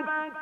bang, bang.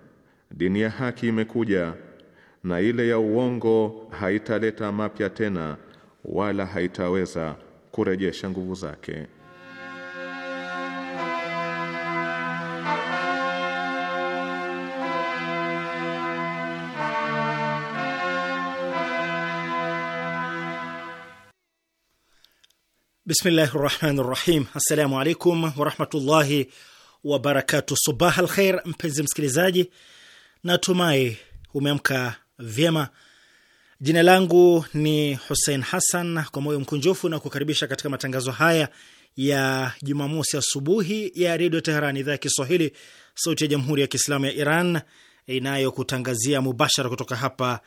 Dini ya haki imekuja na ile ya uongo haitaleta mapya tena wala haitaweza kurejesha nguvu zake. Bismillahi rahmani rahim. Assalamu alaikum warahmatullahi wabarakatu. Subah alkhair, mpenzi msikilizaji Natumai umeamka vyema. Jina langu ni Hussein Hassan, kwa moyo mkunjufu na kukaribisha katika matangazo haya ya Jumamosi asubuhi ya Redio Teheran, idhaa ya Kiswahili, sauti ya Jamhuri ya Kiislamu ya Iran inayokutangazia mubashara kutoka hapa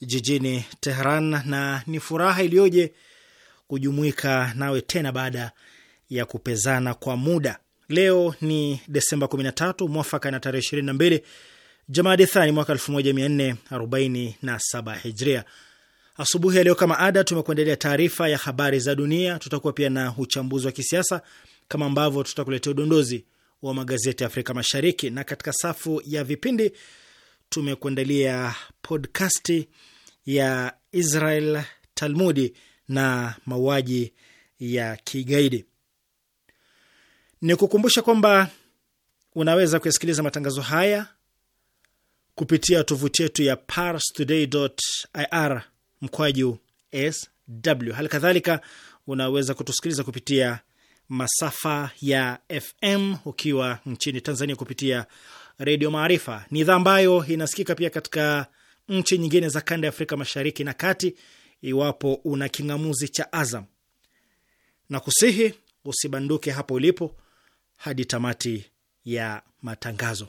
jijini Teheran, na ni furaha iliyoje kujumuika nawe tena baada ya kupezana kwa muda. Leo ni Desemba 13 mwafaka na tarehe 22 Jamadi Thani mwaka 1447 Hijria. Asubuhi ya leo kama ada, tumekuendelea taarifa ya habari za dunia. Tutakuwa pia na uchambuzi wa kisiasa kama ambavyo tutakuletea udondozi wa magazeti ya Afrika Mashariki, na katika safu ya vipindi tumekuandalia podkasti ya Israel Talmudi na mauaji ya kigaidi. Ni kukumbusha kwamba unaweza kuyasikiliza matangazo haya kupitia tovuti yetu ya parstoday.ir mkwaju sw. Hali kadhalika unaweza kutusikiliza kupitia masafa ya FM ukiwa nchini Tanzania kupitia Redio Maarifa. Ni idhaa ambayo inasikika pia katika nchi nyingine za kanda ya Afrika Mashariki na Kati, iwapo una king'amuzi cha Azam na kusihi usibanduke hapo ulipo hadi tamati ya matangazo.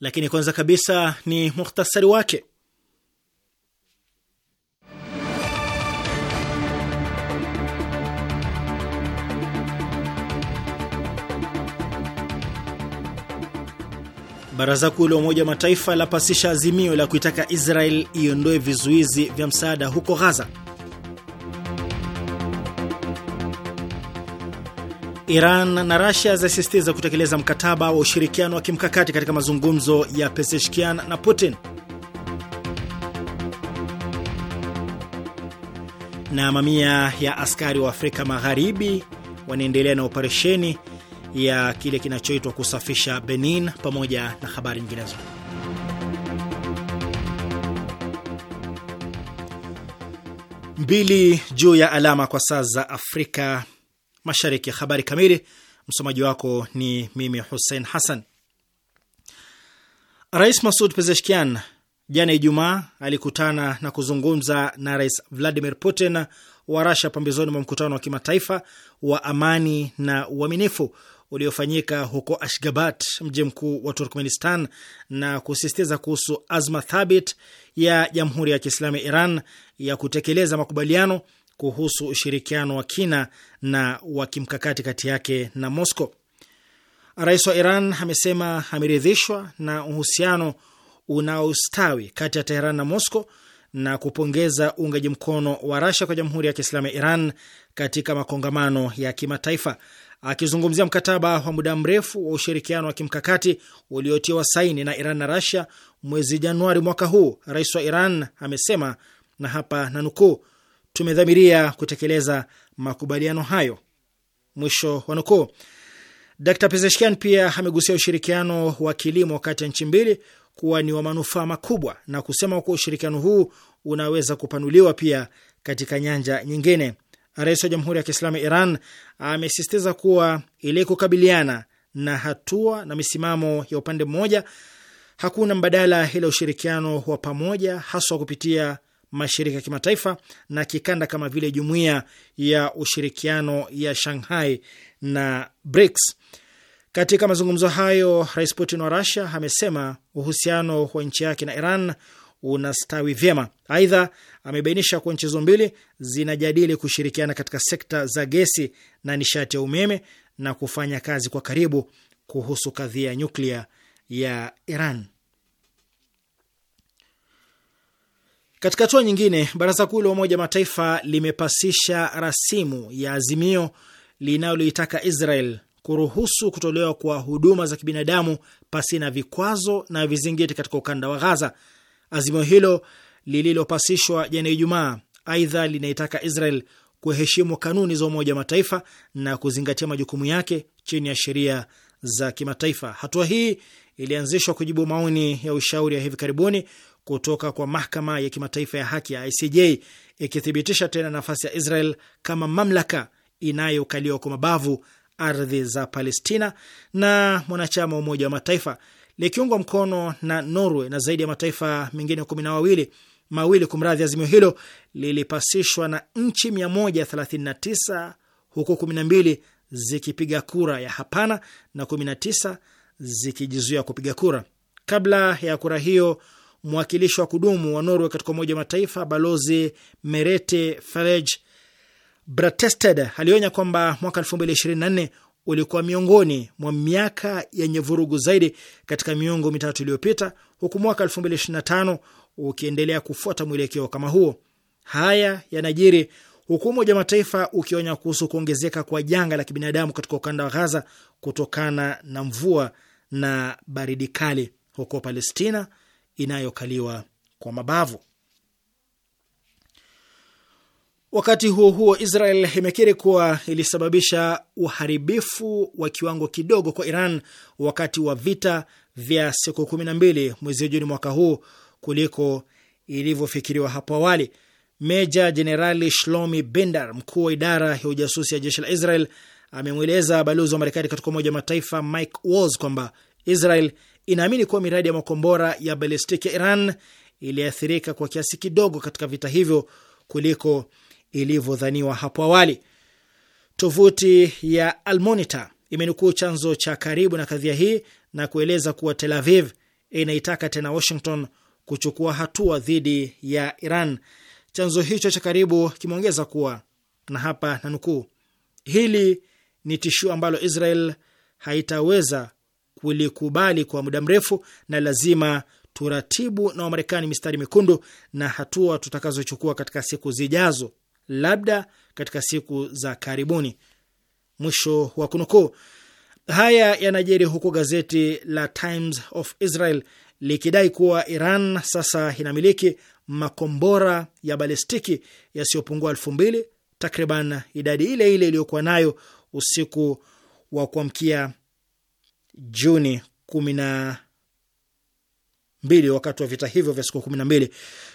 lakini kwanza kabisa ni muhtasari wake. Baraza Kuu la Umoja wa Mataifa lapasisha azimio la kuitaka Israel iondoe vizuizi vya msaada huko Ghaza. Iran na Rasia zasisitiza kutekeleza mkataba wa ushirikiano wa kimkakati katika mazungumzo ya Pezeshkian na Putin. Na mamia ya askari wa Afrika Magharibi wanaendelea na operesheni ya kile kinachoitwa kusafisha Benin, pamoja na habari nyinginezo. Mbili juu ya alama kwa saa za Afrika Mashariki. Habari kamili, msomaji wako ni mimi Hussein Hassan. Rais Masud Pezeshkian jana Ijumaa alikutana na kuzungumza na Rais Vladimir Putin wa Rasha pambizoni mwa mkutano wa kimataifa wa amani na uaminifu uliofanyika huko Ashgabat, mji mkuu wa Turkmenistan, na kusisitiza kuhusu azma thabit ya Jamhuri ya Kiislamu ya Iran ya kutekeleza makubaliano kuhusu ushirikiano wa kina na wa kimkakati kati yake na Moscow. Rais wa Iran amesema ameridhishwa na uhusiano unaostawi kati ya Teheran na Moscow na kupongeza uungaji mkono wa Rasha kwa Jamhuri ya Kiislamu ya Iran katika makongamano ya kimataifa. Akizungumzia mkataba wa muda mrefu wa ushirikiano wa kimkakati uliotiwa saini na Iran na Rasia mwezi Januari mwaka huu, rais wa Iran amesema na hapa na nukuu, tumedhamiria kutekeleza makubaliano hayo, mwisho wa nukuu. Dr Pezeshkian pia amegusia ushirikiano wa kilimo kati ya nchi mbili kuwa ni wa manufaa makubwa na kusema kuwa ushirikiano huu unaweza kupanuliwa pia katika nyanja nyingine. Rais wa Jamhuri ya Kiislamu ya Iran amesisitiza kuwa ili kukabiliana na hatua na misimamo ya upande mmoja, hakuna mbadala ila ushirikiano wa pamoja, haswa kupitia mashirika ya kimataifa na kikanda kama vile jumuiya ya ushirikiano ya Shanghai na BRICS. Katika mazungumzo hayo, Rais Putin wa rusia amesema uhusiano wa nchi yake na Iran unastawi vyema. Aidha, amebainisha kuwa nchi hizo mbili zinajadili kushirikiana katika sekta za gesi na nishati ya umeme na kufanya kazi kwa karibu kuhusu kadhia ya nyuklia ya Iran. Katika hatua nyingine, baraza kuu la Umoja Mataifa limepasisha rasimu ya azimio linaloitaka Israel kuruhusu kutolewa kwa huduma za kibinadamu pasi na vikwazo na vizingiti katika ukanda wa Ghaza. Azimio hilo lililopasishwa jana Ijumaa, aidha linaitaka Israel kuheshimu kanuni za Umoja wa Mataifa na kuzingatia majukumu yake chini ya sheria za kimataifa. Hatua hii ilianzishwa kujibu maoni ya ushauri ya hivi karibuni kutoka kwa mahakama ya kimataifa ya haki ya ICJ ikithibitisha tena nafasi ya Israel kama mamlaka inayokaliwa kwa mabavu ardhi za Palestina na mwanachama wa Umoja wa Mataifa likiungwa mkono na Norway na zaidi ya mataifa mengine kumi na wawili mawili kumradhi. Azimio hilo lilipasishwa na nchi 139 huku 12 zikipiga kura ya hapana na 19 zikijizuia kupiga kura. Kabla ya kura hiyo mwakilishi wa kudumu wa Norway katika Umoja wa Mataifa Balozi Merete Faraj Bratested alionya kwamba mwaka 2024 ulikuwa miongoni mwa miaka yenye vurugu zaidi katika miongo mitatu iliyopita, huku mwaka 2025 ukiendelea kufuata mwelekeo kama huo. Haya yanajiri huku Umoja wa Mataifa ukionya kuhusu kuongezeka kwa janga la kibinadamu katika ukanda wa Ghaza kutokana na mvua na baridi kali huko Palestina inayokaliwa kwa mabavu. Wakati huo huo, Israel imekiri kuwa ilisababisha uharibifu wa kiwango kidogo kwa Iran wakati wa vita vya siku kumi na mbili mwezi Juni mwaka huu kuliko ilivyofikiriwa hapo awali. Meja Jenerali Shlomi Bendar, mkuu wa idara ya ujasusi ya jeshi la Israel, amemweleza balozi wa Marekani katika Umoja wa Mataifa Mike Walls kwamba Israel inaamini kuwa miradi ya makombora ya balistik ya Iran iliathirika kwa kiasi kidogo katika vita hivyo kuliko ilivyodhaniwa hapo awali. Tovuti ya Almonita imenukuu chanzo cha karibu na kadhia hii na kueleza kuwa Tel Aviv inaitaka tena Washington kuchukua hatua dhidi ya Iran. Chanzo hicho cha karibu kimeongeza kuwa, na hapa nanukuu, hili ni tishio ambalo Israel haitaweza kulikubali kwa muda mrefu, na lazima turatibu na Wamarekani mistari mekundu na hatua tutakazochukua katika siku zijazo, labda katika siku za karibuni. Mwisho wa kunukuu. Haya yanajiri huku gazeti la Times of Israel likidai kuwa Iran sasa inamiliki makombora ya balistiki yasiyopungua elfu mbili, takriban idadi ile ile iliyokuwa nayo usiku wa kuamkia Juni kumi na mbili wakati wa vita hivyo vya siku kumi na mbili.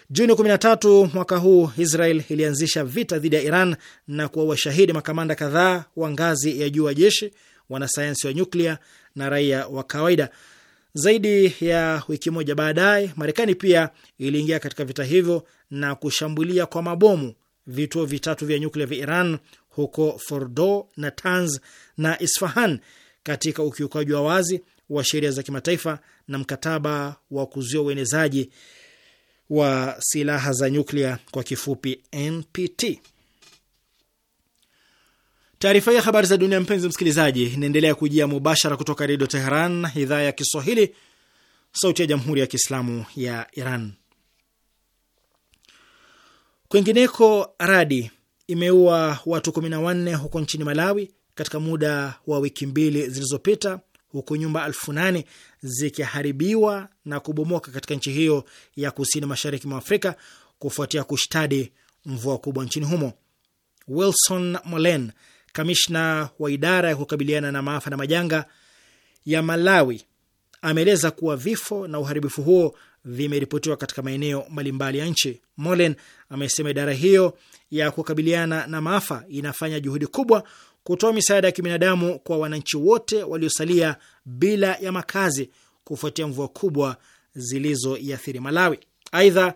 Juni kumi na tatu mwaka huu Israel ilianzisha vita dhidi ya Iran na kuwa washahidi makamanda kadhaa wa ngazi ya juu wa jeshi, wanasayansi wa nyuklia na raia wa kawaida. Zaidi ya wiki moja baadaye, Marekani pia iliingia katika vita hivyo na kushambulia kwa mabomu vituo vitatu vya nyuklia vya Iran huko Fordo, Natanz na Isfahan katika ukiukaji wa wazi wa sheria za kimataifa na mkataba wa kuzuia uenezaji wa silaha za nyuklia kwa kifupi NPT. Taarifa hiya ya habari za dunia, mpenzi msikilizaji, inaendelea kujia mubashara kutoka Redio Teheran, idhaa ya Kiswahili, sauti ya Jamhuri ya Kiislamu ya Iran. Kwingineko, radi imeua watu wanne huko nchini Malawi katika muda wa wiki mbili zilizopita, huku nyumba elfu nane zikiharibiwa na kubomoka katika nchi hiyo ya kusini mashariki mwa Afrika kufuatia kushtadi mvua kubwa nchini humo. Wilson Molen, kamishna wa idara ya kukabiliana na maafa na majanga ya Malawi, ameeleza kuwa vifo na uharibifu huo vimeripotiwa katika maeneo mbalimbali ya nchi. Molen amesema idara hiyo ya kukabiliana na maafa inafanya juhudi kubwa kutoa misaada ya kibinadamu kwa wananchi wote waliosalia bila ya makazi kufuatia mvua kubwa zilizoiathiri Malawi. Aidha,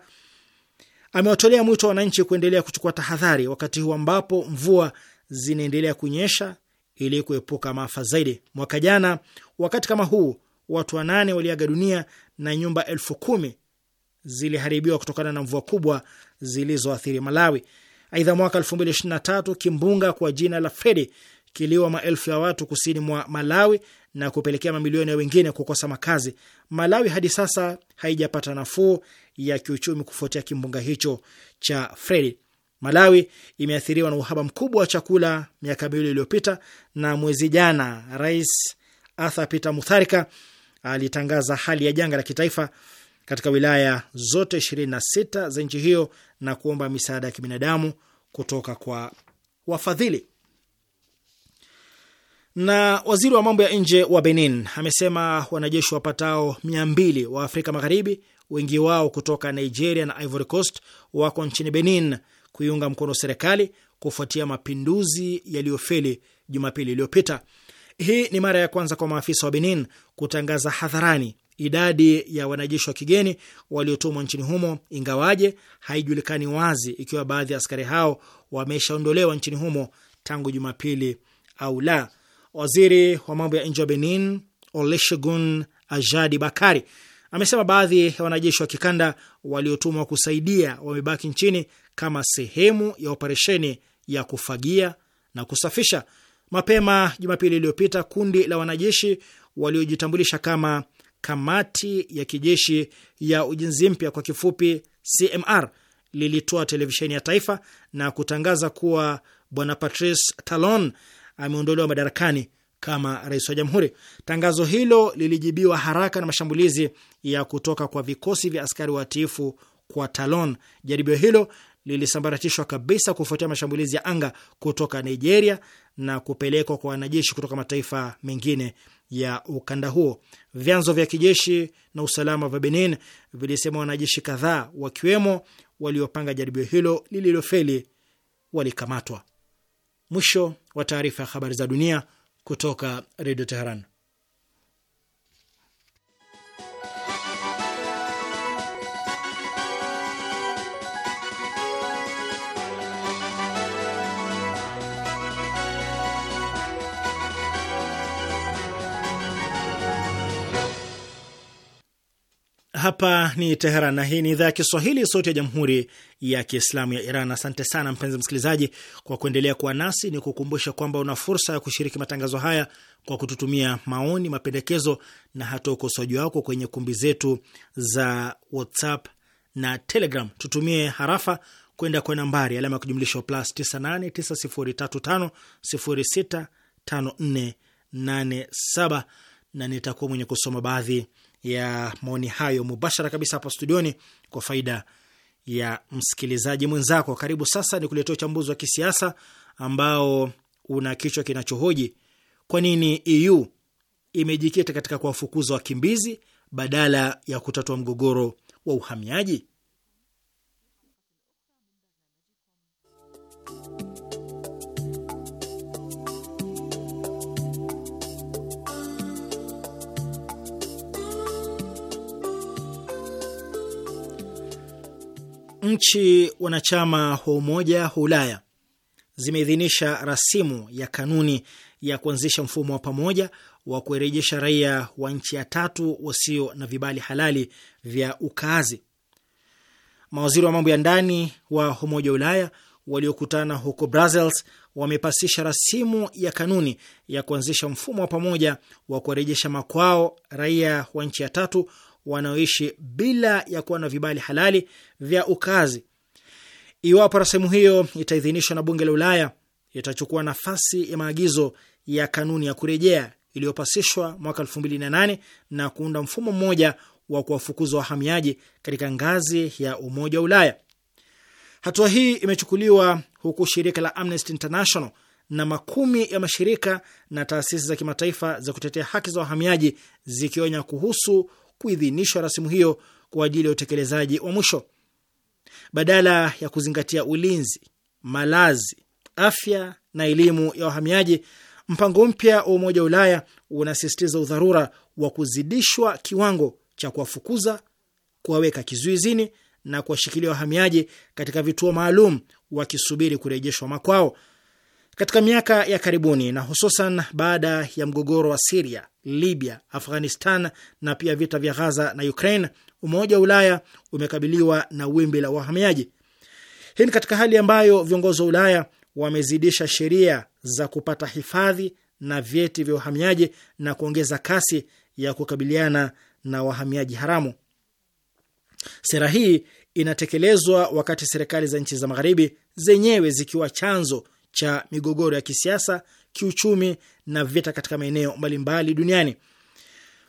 amewatolea mwito wananchi kuendelea kuchukua tahadhari wakati huu ambapo mvua zinaendelea kunyesha ili kuepuka maafa zaidi. Mwaka jana wakati kama huu watu wanane waliaga dunia na nyumba elfu kumi ziliharibiwa kutokana na mvua kubwa zilizoathiri Malawi. Aidha, mwaka 2023 kimbunga kwa jina la Fredi kiliwa maelfu ya watu kusini mwa Malawi na kupelekea mamilioni ya wengine kukosa makazi. Malawi hadi sasa haijapata nafuu ya kiuchumi kufuatia kimbunga hicho cha Fredi. Malawi imeathiriwa na uhaba mkubwa wa chakula miaka miwili iliyopita, na mwezi jana Rais Arthur Peter Mutharika alitangaza hali ya janga la kitaifa katika wilaya zote 26 za nchi hiyo na kuomba misaada ya kibinadamu kutoka kwa wafadhili. Na waziri wa mambo ya nje wa Benin amesema wanajeshi wapatao 200 wa Afrika Magharibi, wengi wao kutoka Nigeria na Ivory Coast, wako nchini Benin kuiunga mkono serikali kufuatia mapinduzi yaliyofeli Jumapili iliyopita. Hii ni mara ya kwanza kwa maafisa wa Benin kutangaza hadharani idadi ya wanajeshi wa kigeni waliotumwa nchini humo, ingawaje haijulikani wazi ikiwa baadhi ya askari hao wameshaondolewa nchini humo tangu Jumapili au la. Waziri wa mambo ya nje wa Benin Oleshegun Ajadi Bakari amesema baadhi ya wanajeshi wa kikanda waliotumwa kusaidia wamebaki nchini kama sehemu ya operesheni ya kufagia na kusafisha. Mapema Jumapili iliyopita kundi la wanajeshi waliojitambulisha kama kamati ya kijeshi ya ujenzi mpya kwa kifupi CMR lilitoa televisheni ya taifa na kutangaza kuwa bwana Patrice Talon ameondolewa madarakani kama rais wa jamhuri. Tangazo hilo lilijibiwa haraka na mashambulizi ya kutoka kwa vikosi vya askari watiifu kwa Talon. Jaribio hilo lilisambaratishwa kabisa kufuatia mashambulizi ya anga kutoka Nigeria na kupelekwa kwa wanajeshi kutoka mataifa mengine ya ukanda huo. Vyanzo vya kijeshi na usalama vya Benin vilisema wanajeshi kadhaa wakiwemo waliopanga jaribio hilo lililofeli walikamatwa. Mwisho wa taarifa ya habari za dunia kutoka Redio Teheran. Hapa ni Teheran na hii ni idhaa ya Kiswahili, sauti ya jamhuri ya kiislamu ya Iran. Asante sana mpenzi msikilizaji kwa kuendelea kuwa nasi. Ni kukumbusha kwamba una fursa ya kushiriki matangazo haya kwa kututumia maoni, mapendekezo na hata ukosoaji wako kwenye kumbi zetu za WhatsApp na Telegram. Tutumie harafa kwenda kwa nambari alama ya kujumlisha plus 989035065487 na nitakuwa mwenye kusoma baadhi ya maoni hayo mubashara kabisa hapa studioni kwa faida ya msikilizaji mwenzako. Karibu sasa ni kuletea uchambuzi wa kisiasa ambao una kichwa kinachohoji kwa nini EU imejikita katika kuwafukuza wakimbizi badala ya kutatua mgogoro wa uhamiaji. Nchi wanachama wa Umoja wa Ulaya zimeidhinisha rasimu ya kanuni ya kuanzisha mfumo wa pamoja wa kurejesha raia wa nchi ya tatu wasio na vibali halali vya ukaazi. Mawaziri wa mambo ya ndani wa Umoja wa Ulaya waliokutana huko Brussels wamepasisha rasimu ya kanuni ya kuanzisha mfumo wa pamoja wa kuwarejesha makwao raia wa nchi ya tatu wanaoishi bila ya kuwa na vibali halali vya ukazi. Iwapo rasimu hiyo itaidhinishwa na bunge la Ulaya, itachukua nafasi ya maagizo ya kanuni ya kurejea iliyopasishwa mwaka 2008 na kuunda mfumo mmoja wa kuwafukuza wahamiaji katika ngazi ya Umoja wa Ulaya. Hatua hii imechukuliwa huku shirika la Amnesty International na makumi ya mashirika na taasisi za kimataifa za kutetea haki za wahamiaji zikionya kuhusu kuidhinisha rasimu hiyo kwa ajili ya utekelezaji wa mwisho. Badala ya kuzingatia ulinzi, malazi, afya na elimu ya wahamiaji, mpango mpya wa Umoja wa Ulaya unasisitiza udharura wa kuzidishwa kiwango cha kuwafukuza, kuwaweka kizuizini na kuwashikilia wahamiaji katika vituo maalum wakisubiri kurejeshwa makwao. Katika miaka ya karibuni na hususan baada ya mgogoro wa Siria, Libya, Afghanistan na pia vita vya Ghaza na Ukraine, Umoja wa Ulaya umekabiliwa na wimbi la wahamiaji. Hii ni katika hali ambayo viongozi wa Ulaya wamezidisha sheria za kupata hifadhi na vyeti vya uhamiaji na kuongeza kasi ya kukabiliana na wahamiaji haramu. Sera hii inatekelezwa wakati serikali za nchi za magharibi zenyewe zikiwa chanzo cha migogoro ya kisiasa, kiuchumi na vita katika maeneo mbalimbali duniani.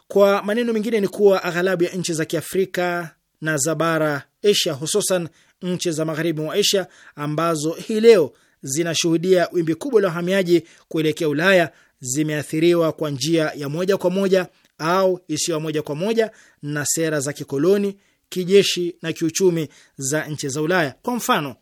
Kwa maneno mengine ni kuwa aghalabu ya nchi za Kiafrika na za bara Asia, hususan nchi za magharibi mwa Asia ambazo hii leo zinashuhudia wimbi kubwa la wahamiaji kuelekea Ulaya zimeathiriwa kwa njia ya moja kwa moja au isiyo moja kwa moja na sera za kikoloni, kijeshi na kiuchumi za nchi za Ulaya. Kwa mfano,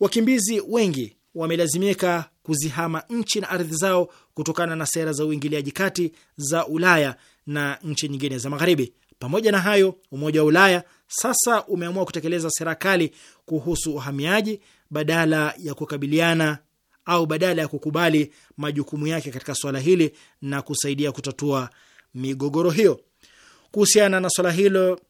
wakimbizi wengi wamelazimika kuzihama nchi na ardhi zao kutokana na sera za uingiliaji kati za Ulaya na nchi nyingine za Magharibi. Pamoja na hayo, Umoja wa Ulaya sasa umeamua kutekeleza sera kali kuhusu uhamiaji badala ya kukabiliana au badala ya kukubali majukumu yake katika swala hili na kusaidia kutatua migogoro hiyo. Kuhusiana na swala hilo,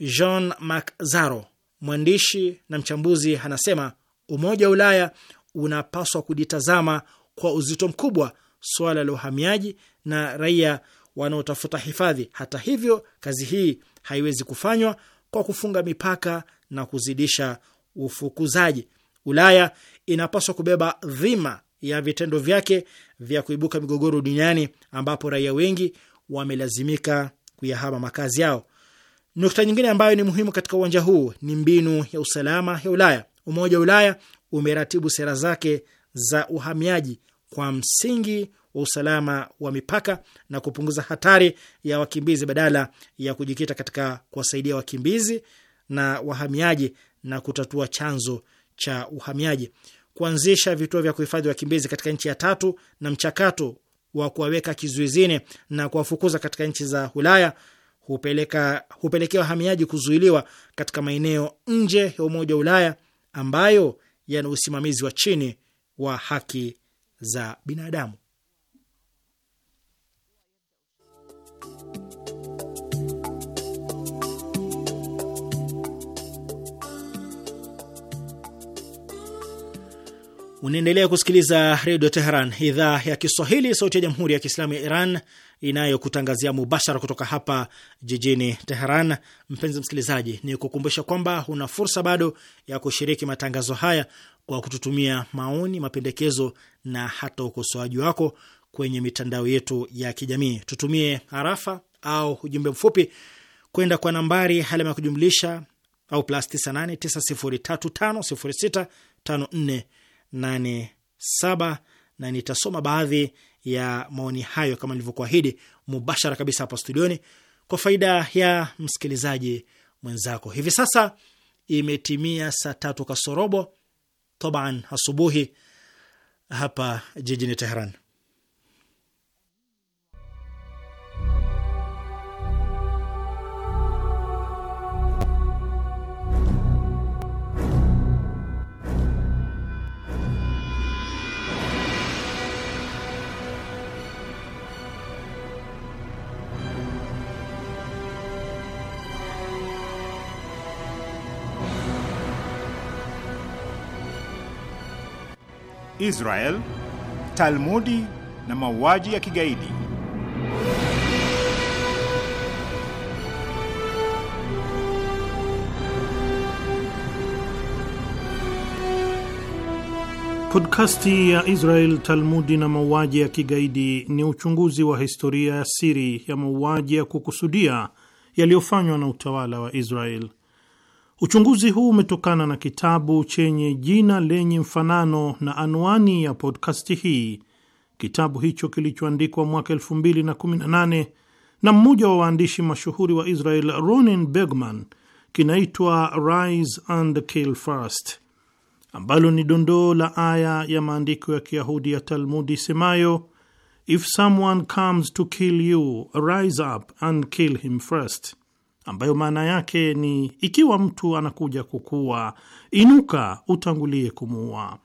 Jean Mac Zaro, mwandishi na mchambuzi, anasema Umoja wa Ulaya unapaswa kulitazama kwa uzito mkubwa swala la uhamiaji na raia wanaotafuta hifadhi. Hata hivyo, kazi hii haiwezi kufanywa kwa kufunga mipaka na kuzidisha ufukuzaji. Ulaya inapaswa kubeba dhima ya vitendo vyake vya kuibuka migogoro duniani ambapo raia wengi wamelazimika kuyahama makazi yao. Nukta nyingine ambayo ni muhimu katika uwanja huu ni mbinu ya usalama ya Ulaya. Umoja wa Ulaya umeratibu sera zake za uhamiaji kwa msingi wa usalama wa mipaka na kupunguza hatari ya wakimbizi badala ya kujikita katika kuwasaidia wakimbizi na wahamiaji na kutatua chanzo cha uhamiaji, kuanzisha vituo vya kuhifadhi wakimbizi katika nchi ya tatu na mchakato wa kuwaweka kizuizini na kuwafukuza katika nchi za Ulaya hupeleka hupelekea wahamiaji kuzuiliwa katika maeneo nje ya Umoja wa Ulaya ambayo yana usimamizi wa chini wa haki za binadamu. Unaendelea kusikiliza redio Teheran, idhaa ya Kiswahili, sauti ya jamhuri ya kiislamu ya Iran inayokutangazia mubashara kutoka hapa jijini Teheran. Mpenzi msikilizaji, ni kukumbusha kwamba una fursa bado ya kushiriki matangazo haya kwa kututumia maoni, mapendekezo na hata ukosoaji wako kwenye mitandao yetu ya kijamii. Tutumie harafa au ujumbe mfupi kwenda kwa nambari alama ya kujumlisha au plus 98 87 na nitasoma baadhi ya maoni hayo kama nilivyokuahidi mubashara kabisa hapa studioni kwa faida ya msikilizaji mwenzako. Hivi sasa imetimia saa tatu kasorobo toban asubuhi hapa jijini Tehran. Israel, Talmudi na mauaji ya kigaidi. Podkasti ya Israel Talmudi na mauaji ya kigaidi ni uchunguzi wa historia ya siri ya mauaji ya kukusudia yaliyofanywa na utawala wa Israel Uchunguzi huu umetokana na kitabu chenye jina lenye mfanano na anwani ya podkasti hii. Kitabu hicho kilichoandikwa mwaka 2018 na mmoja wa waandishi mashuhuri wa Israel ronin Bergman kinaitwa Rise and Kill First, ambalo ni dondoo la aya ya maandiko ya Kiyahudi ya Talmudi isemayo, if someone comes to kill you rise up and kill him first ambayo maana yake ni ikiwa mtu anakuja kukua inuka utangulie kumuua.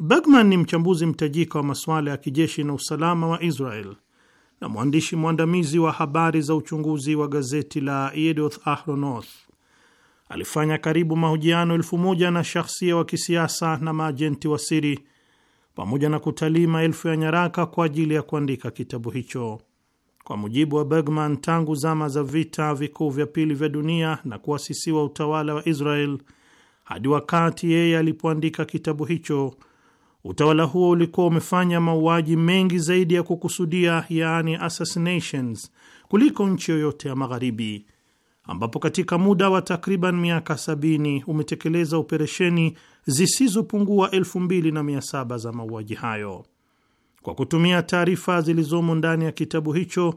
Bergman ni mchambuzi mtajika wa masuala ya kijeshi na usalama wa Israel na mwandishi mwandamizi wa habari za uchunguzi wa gazeti la Yedioth Ahronoth. Alifanya karibu mahojiano elfu moja na shahsia wa kisiasa na maajenti wa siri pamoja na kutalii maelfu ya nyaraka kwa ajili ya kuandika kitabu hicho. Kwa mujibu wa Bergman, tangu zama za vita vikuu vya pili vya dunia na kuasisiwa utawala wa Israel hadi wakati yeye alipoandika kitabu hicho, utawala huo ulikuwa umefanya mauaji mengi zaidi ya kukusudia, yaani assassinations, kuliko nchi yoyote ya Magharibi, ambapo katika muda wa takriban miaka sabini umetekeleza operesheni zisizopungua elfu mbili na mia saba za mauaji hayo kwa kutumia taarifa zilizomo ndani ya kitabu hicho.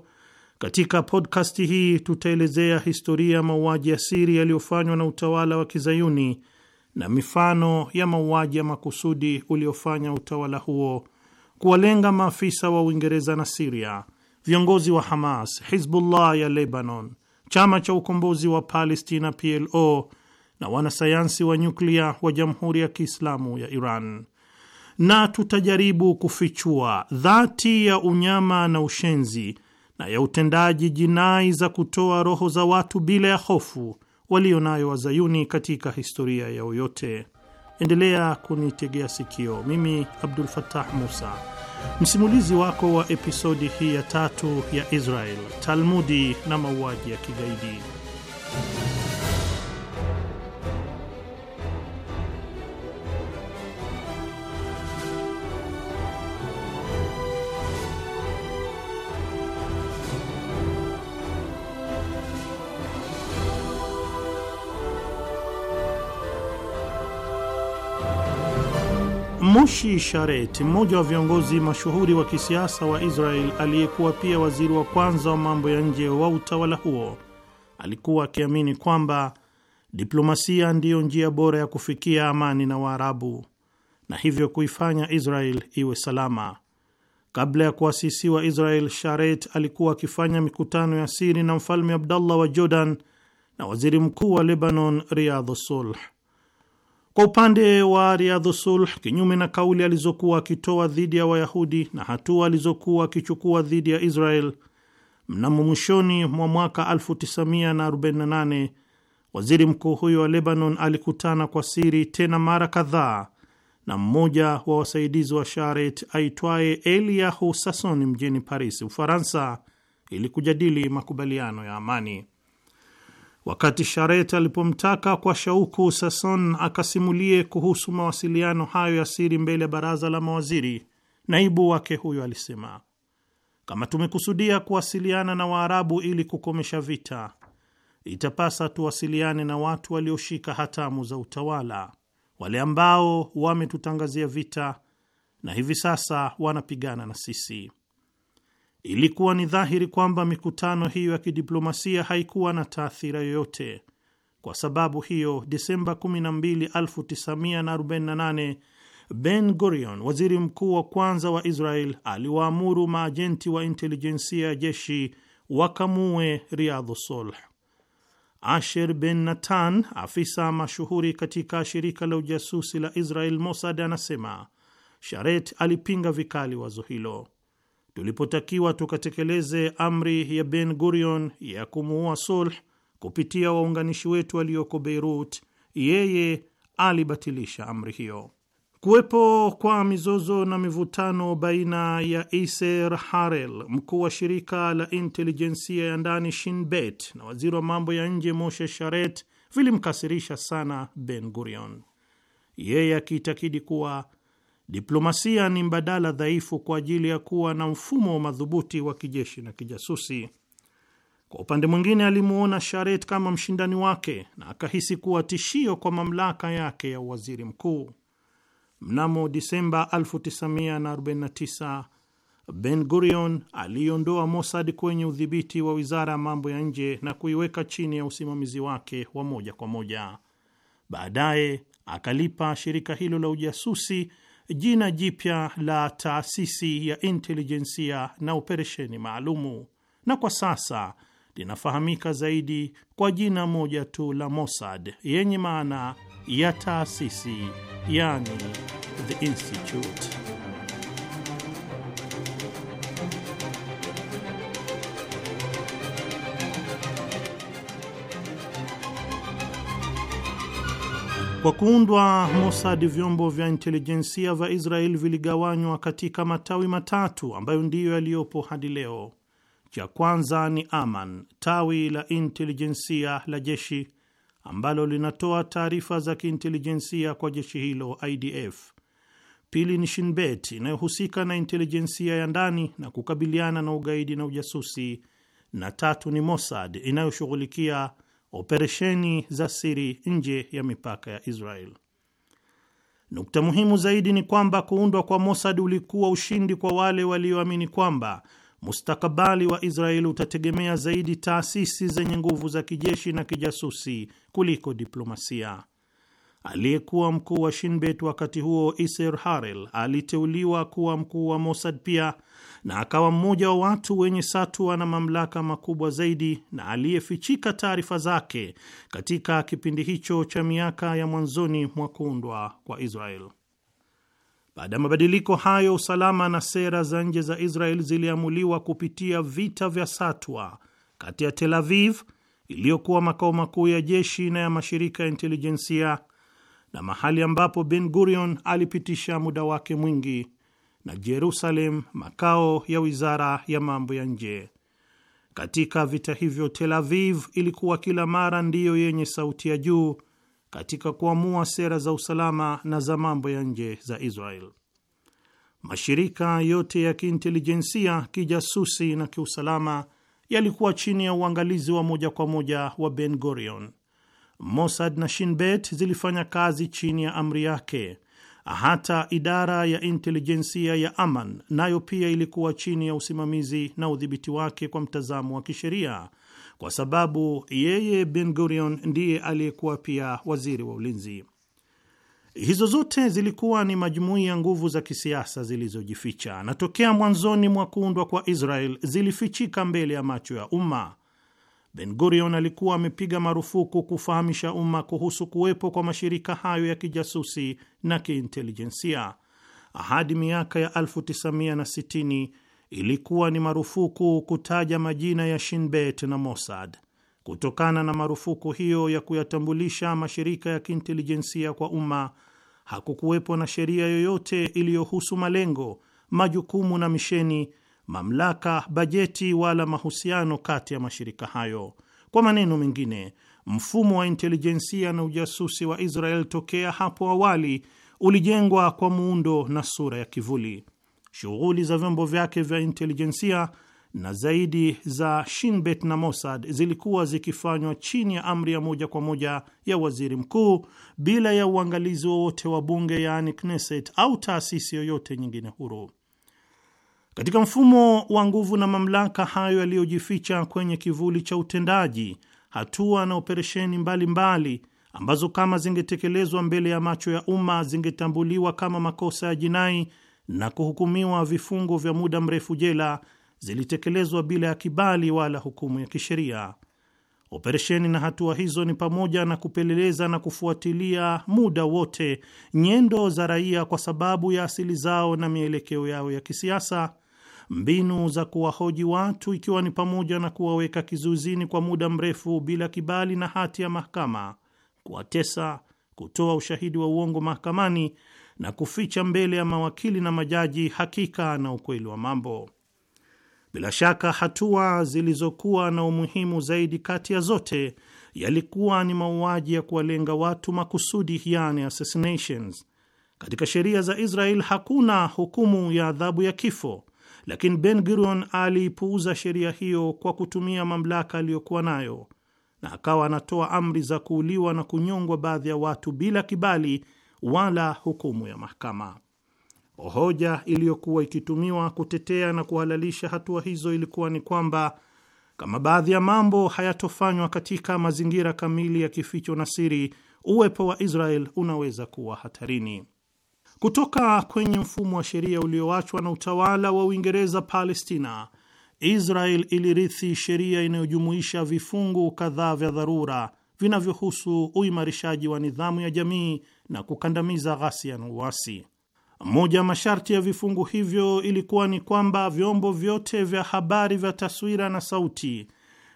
Katika podkasti hii tutaelezea historia ya mauaji ya siri yaliyofanywa na utawala wa kizayuni na mifano ya mauaji ya makusudi uliofanya utawala huo kuwalenga maafisa wa Uingereza na Siria, viongozi wa Hamas, Hizbullah ya Lebanon, chama cha ukombozi wa Palestina PLO na wanasayansi wa nyuklia wa Jamhuri ya Kiislamu ya Iran na tutajaribu kufichua dhati ya unyama na ushenzi na ya utendaji jinai za kutoa roho za watu bila ya hofu walio nayo wazayuni katika historia yao yote. Endelea kunitegea sikio, mimi Abdul Fatah Musa, msimulizi wako wa episodi hii ya tatu ya Israel, Talmudi na mauaji ya kigaidi. Moshi Sharet, mmoja wa viongozi mashuhuri wa kisiasa wa Israel aliyekuwa pia waziri wa kwanza wa mambo ya nje wa utawala huo, alikuwa akiamini kwamba diplomasia ndiyo njia bora ya kufikia amani na Waarabu na hivyo kuifanya Israel iwe salama. Kabla ya kuasisiwa Israel, Sharet alikuwa akifanya mikutano ya siri na mfalme Abdallah wa Jordan na waziri mkuu wa Lebanon Riyadh Sulh. Kwa upande wa riadhu Sulh, kinyume na kauli alizokuwa akitoa dhidi ya Wayahudi na hatua alizokuwa akichukua dhidi ya Israel, mnamo mwishoni mwa mwaka 1948 waziri mkuu huyo wa Lebanon alikutana kwa siri tena mara kadhaa na mmoja wa wasaidizi wa Sharet aitwaye Eliyahu Sasoni mjini Paris, Ufaransa, ili kujadili makubaliano ya amani. Wakati Sharet alipomtaka kwa shauku Sason akasimulie kuhusu mawasiliano hayo ya siri mbele ya baraza la mawaziri, naibu wake huyo alisema, kama tumekusudia kuwasiliana na Waarabu ili kukomesha vita, itapasa tuwasiliane na watu walioshika hatamu za utawala, wale ambao wametutangazia vita na hivi sasa wanapigana na sisi. Ilikuwa ni dhahiri kwamba mikutano hiyo ya kidiplomasia haikuwa na taathira yoyote. Kwa sababu hiyo, Desemba 12, 1948 Ben Gurion, waziri mkuu wa kwanza wa Israel, aliwaamuru maajenti wa intelijensia ya jeshi wakamue Riadhu Solh. Asher Ben Natan, afisa mashuhuri katika shirika la ujasusi la Israel Mossad, anasema Sharet alipinga vikali wazo hilo tulipotakiwa tukatekeleze amri ya Ben Gurion ya kumuua Sulh kupitia waunganishi wetu walioko Beirut, yeye alibatilisha amri hiyo. Kuwepo kwa mizozo na mivutano baina ya Iser Harel, mkuu wa shirika la intelijensia ya ndani shinbet na waziri wa mambo ya nje Moshe Sharet vilimkasirisha sana Ben Gurion, yeye akiitakidi kuwa Diplomasia ni mbadala dhaifu kwa ajili ya kuwa na mfumo wa madhubuti wa kijeshi na kijasusi. Kwa upande mwingine, alimuona Sharet kama mshindani wake na akahisi kuwa tishio kwa mamlaka yake ya uwaziri mkuu. Mnamo Disemba 1949 Ben Gurion aliiondoa Mossad kwenye udhibiti wa wizara ya mambo ya nje na kuiweka chini ya usimamizi wake wa moja kwa moja. Baadaye akalipa shirika hilo la ujasusi jina jipya la taasisi ya intelijensia na operesheni maalumu, na kwa sasa linafahamika zaidi kwa jina moja tu la Mossad yenye maana ya taasisi, yani the institute. Kwa kuundwa Mosadi, vyombo vya intelijensia vya Israel viligawanywa katika matawi matatu ambayo ndiyo yaliyopo hadi leo. Cha kwanza ni Aman, tawi la intelijensia la jeshi ambalo linatoa taarifa za kiintelijensia kwa jeshi hilo IDF. Pili ni Shinbet inayohusika na intelijensia ya ndani na kukabiliana na ugaidi na ujasusi, na tatu ni Mossad inayoshughulikia operesheni za siri nje ya mipaka ya Israel. Nukta muhimu zaidi ni kwamba kuundwa kwa Mossad ulikuwa ushindi kwa wale walioamini kwamba mustakabali wa Israel utategemea zaidi taasisi zenye nguvu za kijeshi na kijasusi kuliko diplomasia. Aliyekuwa mkuu wa Shinbet wakati huo, Iser Harel, aliteuliwa kuwa mkuu wa Mossad pia na akawa mmoja wa watu wenye satwa na mamlaka makubwa zaidi na aliyefichika taarifa zake katika kipindi hicho cha miaka ya mwanzoni mwa kuundwa kwa Israel. Baada ya mabadiliko hayo, usalama na sera za nje za Israel ziliamuliwa kupitia vita vya satwa kati ya Tel Aviv iliyokuwa makao makuu ya jeshi na ya mashirika ya intelijensia na mahali ambapo Ben Gurion alipitisha muda wake mwingi na Jerusalem makao ya wizara ya mambo ya nje. Katika vita hivyo, Tel Aviv ilikuwa kila mara ndiyo yenye sauti ya juu katika kuamua sera za usalama na za mambo ya nje za Israel. Mashirika yote ya kiintelijensia, kijasusi na kiusalama yalikuwa chini ya uangalizi wa moja kwa moja wa Ben Gurion. Mossad na Shin Bet zilifanya kazi chini ya amri yake hata idara ya intelijensia ya Aman nayo pia ilikuwa chini ya usimamizi na udhibiti wake kwa mtazamo wa kisheria, kwa sababu yeye Ben Gurion ndiye aliyekuwa pia waziri wa ulinzi. Hizo zote zilikuwa ni majumuiya ya nguvu za kisiasa zilizojificha, na tokea mwanzoni mwa kuundwa kwa Israel zilifichika mbele ya macho ya umma. Ben Gurion alikuwa amepiga marufuku kufahamisha umma kuhusu kuwepo kwa mashirika hayo ya kijasusi na kiintelijensia. Hadi miaka ya 1960 ilikuwa ni marufuku kutaja majina ya Shinbet na Mossad. Kutokana na marufuku hiyo ya kuyatambulisha mashirika ya kiintelijensia kwa umma, hakukuwepo na sheria yoyote iliyohusu malengo, majukumu na misheni mamlaka, bajeti wala mahusiano kati ya mashirika hayo. Kwa maneno mengine, mfumo wa intelijensia na ujasusi wa Israel tokea hapo awali ulijengwa kwa muundo na sura ya kivuli. Shughuli za vyombo vyake vya intelijensia na zaidi za Shinbet na Mossad zilikuwa zikifanywa chini ya amri ya moja kwa moja ya waziri mkuu bila ya uangalizi wowote wa bunge, yaani Knesset, au taasisi yoyote nyingine huru. Katika mfumo wa nguvu na mamlaka hayo yaliyojificha kwenye kivuli cha utendaji, hatua na operesheni mbalimbali ambazo kama zingetekelezwa mbele ya macho ya umma zingetambuliwa kama makosa ya jinai na kuhukumiwa vifungo vya muda mrefu jela, zilitekelezwa bila ya kibali wala hukumu ya kisheria. Operesheni na hatua hizo ni pamoja na kupeleleza na kufuatilia muda wote nyendo za raia kwa sababu ya asili zao na mielekeo yao ya kisiasa, mbinu za kuwahoji watu, ikiwa ni pamoja na kuwaweka kizuizini kwa muda mrefu bila kibali na hati ya mahakama, kuwatesa, kutoa ushahidi wa uongo mahakamani na kuficha mbele ya mawakili na majaji hakika na ukweli wa mambo. Bila shaka hatua zilizokuwa na umuhimu zaidi kati ya zote yalikuwa ni mauaji ya kuwalenga watu makusudi, yani assassinations. Katika sheria za Israel hakuna hukumu ya adhabu ya kifo, lakini Ben Gurion aliipuuza sheria hiyo kwa kutumia mamlaka aliyokuwa nayo, na akawa anatoa amri za kuuliwa na kunyongwa baadhi ya watu bila kibali wala hukumu ya mahakama. Hoja iliyokuwa ikitumiwa kutetea na kuhalalisha hatua hizo ilikuwa ni kwamba kama baadhi ya mambo hayatofanywa katika mazingira kamili ya kificho na siri, uwepo wa Israel unaweza kuwa hatarini. Kutoka kwenye mfumo wa sheria ulioachwa na utawala wa Uingereza Palestina, Israel ilirithi sheria inayojumuisha vifungu kadhaa vya dharura vinavyohusu uimarishaji wa nidhamu ya jamii na kukandamiza ghasia na uasi. Moja ya masharti ya vifungu hivyo ilikuwa ni kwamba vyombo vyote vya habari vya taswira na sauti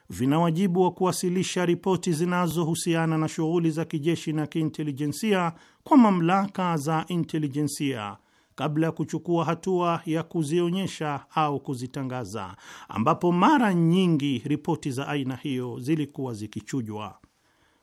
vina wajibu wa kuwasilisha ripoti zinazohusiana na shughuli za kijeshi na kiintelijensia kwa mamlaka za intelijensia kabla ya kuchukua hatua ya kuzionyesha au kuzitangaza, ambapo mara nyingi ripoti za aina hiyo zilikuwa zikichujwa.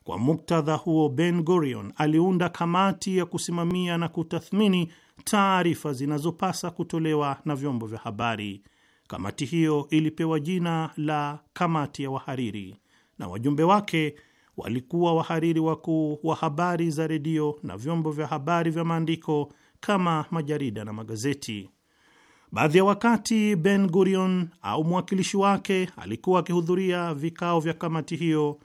Kwa muktadha huo, Ben Gurion aliunda kamati ya kusimamia na kutathmini taarifa zinazopasa kutolewa na vyombo vya habari. Kamati hiyo ilipewa jina la kamati ya wahariri, na wajumbe wake walikuwa wahariri wakuu wa habari za redio na vyombo vya habari vya maandiko kama majarida na magazeti. Baadhi ya wakati Ben Gurion au mwakilishi wake alikuwa akihudhuria vikao vya kamati hiyo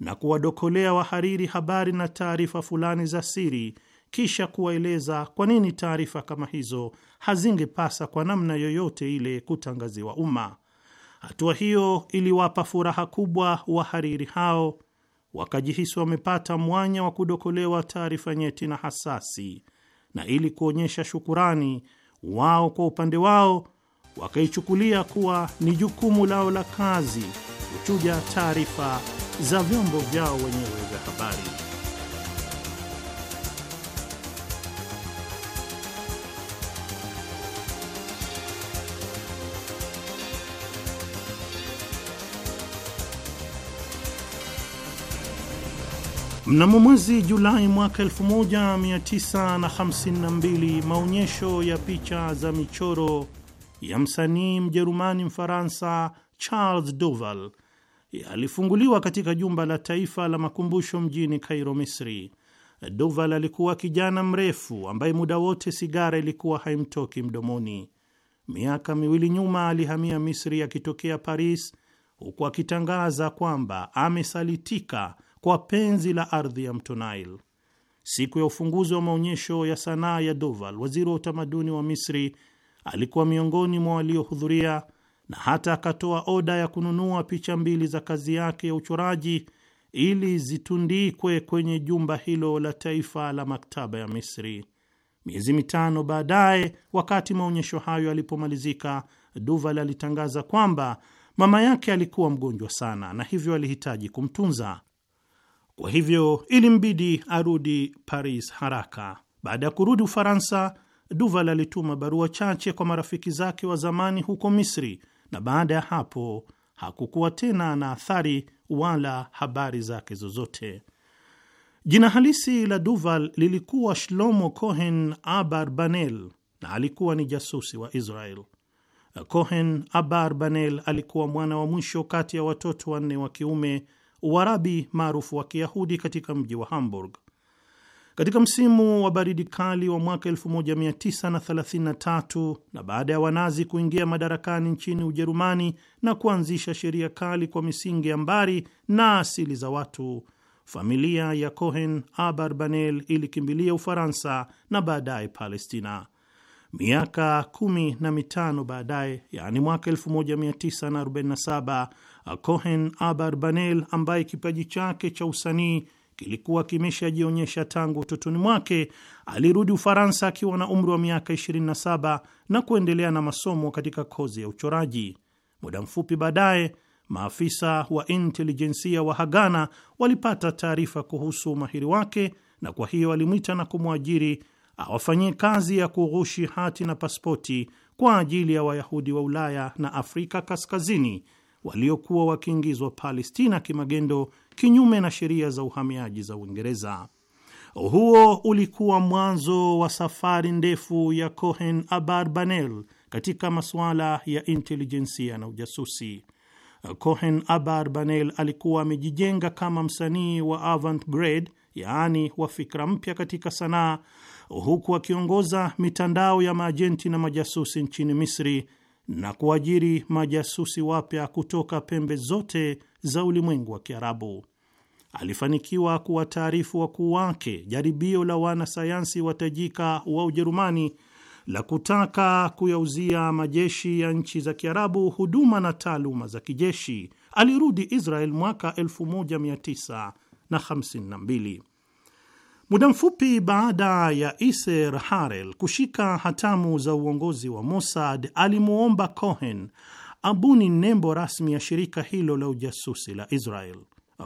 na kuwadokolea wahariri habari na taarifa fulani za siri kisha kuwaeleza kwa nini taarifa kama hizo hazingepasa kwa namna yoyote ile kutangaziwa umma. Hatua hiyo iliwapa furaha kubwa wahariri hao, wakajihisi wamepata mwanya wa kudokolewa taarifa nyeti na hasasi, na ili kuonyesha shukurani wao, kwa upande wao wakaichukulia kuwa ni jukumu lao la kazi kuchuja taarifa za vyombo vyao wenyewe vya habari. Mnamo mwezi Julai mwaka 1952 maonyesho ya picha za michoro ya msanii Mjerumani Mfaransa Charles Duval yalifunguliwa katika jumba la taifa la makumbusho mjini cairo Misri. Duval alikuwa kijana mrefu ambaye muda wote sigara ilikuwa haimtoki mdomoni. Miaka miwili nyuma alihamia Misri akitokea Paris, huku akitangaza kwamba amesalitika kwa penzi la ardhi ya mto Nile. Siku ya ufunguzi wa maonyesho ya sanaa ya Doval, waziri wa utamaduni wa Misri alikuwa miongoni mwa waliohudhuria na hata akatoa oda ya kununua picha mbili za kazi yake ya uchoraji ili zitundikwe kwenye jumba hilo la taifa la maktaba ya Misri. Miezi mitano baadaye, wakati maonyesho hayo yalipomalizika, Duval alitangaza kwamba mama yake alikuwa mgonjwa sana na hivyo alihitaji kumtunza. Kwa hivyo ilimbidi arudi Paris haraka. Baada ya kurudi Ufaransa, Duval alituma barua chache kwa marafiki zake wa zamani huko Misri, na baada ya hapo hakukuwa tena na athari wala habari zake zozote. Jina halisi la Duval lilikuwa Shlomo Cohen Abar Banel na alikuwa ni jasusi wa Israel. Cohen Abar Banel alikuwa mwana wa mwisho kati ya watoto wanne wa kiume Uarabi maarufu wa Kiyahudi katika mji wa Hamburg. Katika msimu wa baridi kali wa mwaka 1933 na, na baada ya Wanazi kuingia madarakani nchini Ujerumani na kuanzisha sheria kali kwa misingi ya mbari na asili za watu, familia ya Cohen Abarbanel ilikimbilia Ufaransa na baadaye Palestina. Miaka kumi na mitano baadaye, yaani mwaka 1947 Cohen Abarbanel ambaye kipaji chake cha usanii kilikuwa kimeshajionyesha tangu utotoni mwake, alirudi Ufaransa akiwa na umri wa miaka 27 na kuendelea na masomo katika kozi ya uchoraji. Muda mfupi baadaye, maafisa wa intelijensia wa Hagana walipata taarifa kuhusu umahiri wake, na kwa hiyo alimwita na kumwajiri awafanyie kazi ya kughushi hati na pasipoti kwa ajili ya Wayahudi wa Ulaya na Afrika Kaskazini waliokuwa wakiingizwa Palestina kimagendo kinyume na sheria za uhamiaji za Uingereza. Huo ulikuwa mwanzo wa safari ndefu ya Cohen Abarbanel katika masuala ya intelijensia na ujasusi. Cohen Abarbanel alikuwa amejijenga kama msanii wa avant-garde, yaani wa fikra mpya katika sanaa, huku akiongoza mitandao ya maajenti na majasusi nchini Misri na kuajiri majasusi wapya kutoka pembe zote za ulimwengu wa Kiarabu. Alifanikiwa kuwataarifu wakuu wake jaribio la wanasayansi watajika wa Ujerumani la kutaka kuyauzia majeshi ya nchi za Kiarabu huduma na taaluma za kijeshi. Alirudi Israel mwaka 1952. Muda mfupi baada ya Iser Harel kushika hatamu za uongozi wa Mossad, alimwomba Cohen abuni nembo rasmi ya shirika hilo la ujasusi la Israel.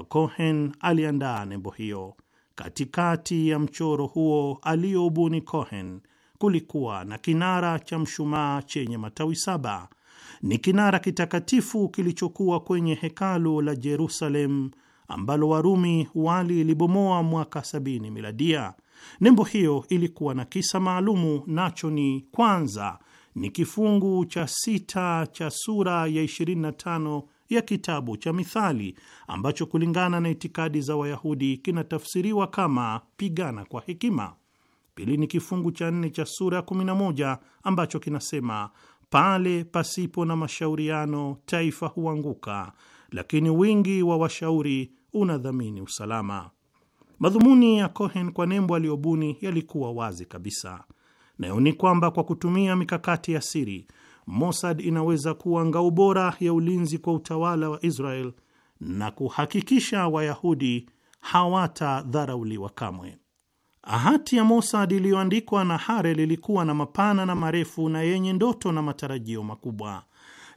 Cohen aliandaa nembo hiyo. Katikati ya mchoro huo aliyoubuni Cohen kulikuwa na kinara cha mshumaa chenye matawi saba. Ni kinara kitakatifu kilichokuwa kwenye hekalu la Jerusalem ambalo Warumi walilibomoa mwaka sabini miladia. Nembo hiyo ilikuwa na kisa maalumu, nacho ni kwanza, ni kifungu cha sita cha sura ya 25 ya kitabu cha Mithali ambacho kulingana na itikadi za Wayahudi kinatafsiriwa kama pigana kwa hekima. Pili ni kifungu cha nne cha sura ya 11 ambacho kinasema pale pasipo na mashauriano taifa huanguka, lakini wingi wa washauri unadhamini usalama. Madhumuni ya Cohen kwa nembo aliyobuni yalikuwa wazi kabisa, nayo ni kwamba kwa kutumia mikakati ya siri, Mossad inaweza kuwa ngao bora ya ulinzi kwa utawala wa Israel na kuhakikisha Wayahudi hawatadharauliwa kamwe. Hati ya Mossad iliyoandikwa na Harel ilikuwa na mapana na marefu na yenye ndoto na matarajio makubwa.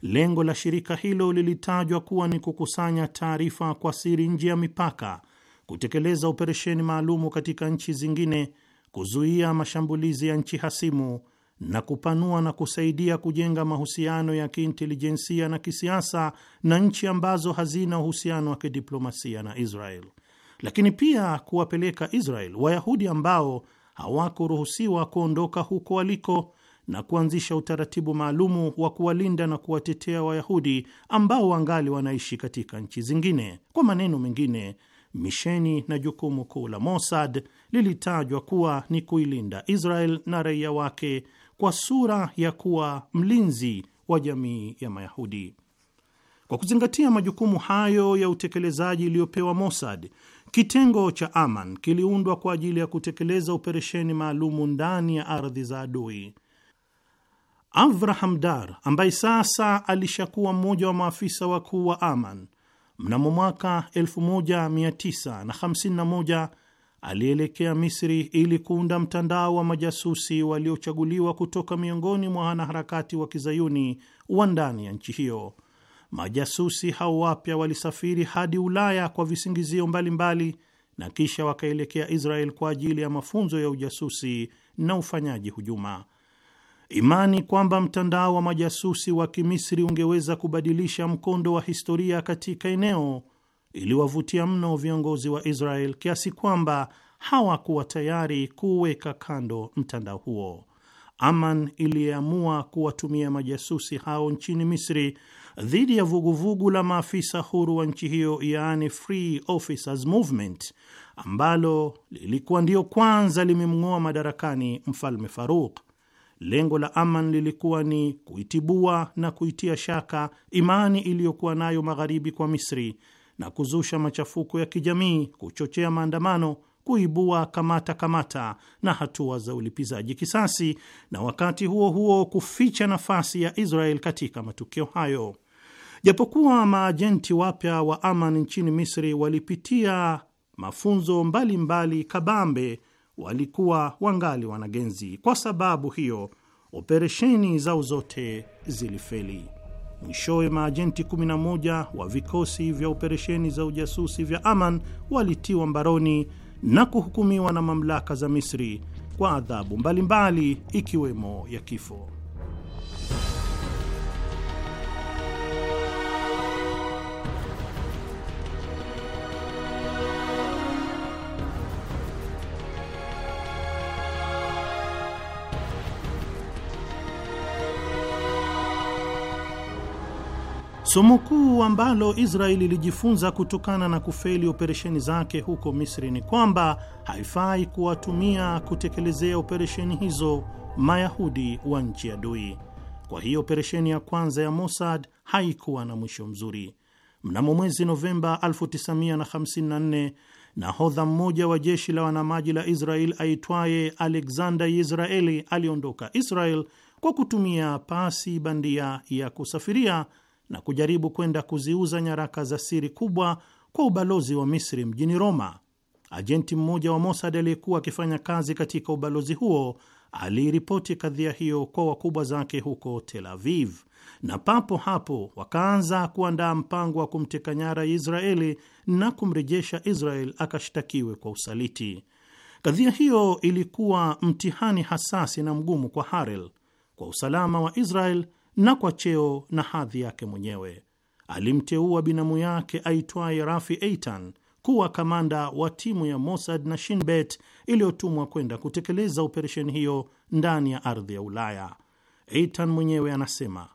Lengo la shirika hilo lilitajwa kuwa ni kukusanya taarifa kwa siri nje ya mipaka, kutekeleza operesheni maalumu katika nchi zingine, kuzuia mashambulizi ya nchi hasimu na kupanua na kusaidia kujenga mahusiano ya kiintelijensia na kisiasa na nchi ambazo hazina uhusiano wa kidiplomasia na Israel, lakini pia kuwapeleka Israel Wayahudi ambao hawakuruhusiwa kuondoka huko waliko na kuanzisha utaratibu maalumu wa kuwalinda na kuwatetea Wayahudi ambao wangali wanaishi katika nchi zingine. Kwa maneno mengine, misheni na jukumu kuu la Mossad lilitajwa kuwa ni kuilinda Israel na raia wake kwa sura ya kuwa mlinzi wa jamii ya Mayahudi. Kwa kuzingatia majukumu hayo ya utekelezaji iliyopewa Mossad, kitengo cha Aman kiliundwa kwa ajili ya kutekeleza operesheni maalumu ndani ya ardhi za adui Avraham Dar ambaye sasa alishakuwa mmoja wa maafisa wakuu wa Aman, mnamo mwaka 1951 alielekea Misri ili kuunda mtandao wa majasusi waliochaguliwa kutoka miongoni mwa wanaharakati wa kizayuni wa ndani ya nchi hiyo. Majasusi hao wapya walisafiri hadi Ulaya kwa visingizio mbalimbali mbali, na kisha wakaelekea Israel kwa ajili ya mafunzo ya ujasusi na ufanyaji hujuma. Imani kwamba mtandao wa majasusi wa Kimisri ungeweza kubadilisha mkondo wa historia katika eneo iliwavutia mno viongozi wa Israel kiasi kwamba hawakuwa tayari kuweka kando mtandao huo. Aman iliyeamua kuwatumia majasusi hao nchini Misri dhidi ya vuguvugu la maafisa huru wa nchi hiyo, yaani Free Officers Movement, ambalo lilikuwa ndio kwanza limemng'oa madarakani mfalme Faruk. Lengo la Aman lilikuwa ni kuitibua na kuitia shaka imani iliyokuwa nayo magharibi kwa Misri na kuzusha machafuko ya kijamii, kuchochea maandamano, kuibua kamata kamata na hatua za ulipizaji kisasi, na wakati huo huo kuficha nafasi ya Israel katika matukio hayo. Japokuwa maajenti wapya wa Aman nchini Misri walipitia mafunzo mbalimbali mbali kabambe walikuwa wangali wanagenzi. Kwa sababu hiyo, operesheni zao zote zilifeli. Mwishowe, maajenti 11 wa vikosi vya operesheni za ujasusi vya Aman walitiwa mbaroni na kuhukumiwa na mamlaka za Misri kwa adhabu mbalimbali ikiwemo ya kifo. Somo kuu ambalo Israel ilijifunza kutokana na kufeli operesheni zake huko Misri ni kwamba haifai kuwatumia kutekelezea operesheni hizo Mayahudi wa nchi adui. Kwa hiyo operesheni ya kwanza ya Mossad haikuwa na mwisho mzuri. Mnamo mwezi Novemba 1954 nahodha mmoja wa jeshi la wanamaji la Israel aitwaye Alexander Yisraeli aliondoka Israel kwa kutumia pasi bandia ya kusafiria na kujaribu kwenda kuziuza nyaraka za siri kubwa kwa ubalozi wa Misri mjini Roma. Ajenti mmoja wa Mossad aliyekuwa akifanya kazi katika ubalozi huo aliiripoti kadhia hiyo kwa wakubwa zake huko Tel Aviv, na papo hapo wakaanza kuandaa mpango wa kumteka nyara Israeli na kumrejesha Israel akashtakiwe kwa usaliti. Kadhia hiyo ilikuwa mtihani hasasi na mgumu kwa Harel, kwa usalama wa Israel na kwa cheo na hadhi yake mwenyewe. Alimteua binamu yake aitwaye Rafi Eitan kuwa kamanda wa timu ya Mossad na Shinbet iliyotumwa kwenda kutekeleza operesheni hiyo ndani ya ardhi ya Ulaya. Eitan mwenyewe anasema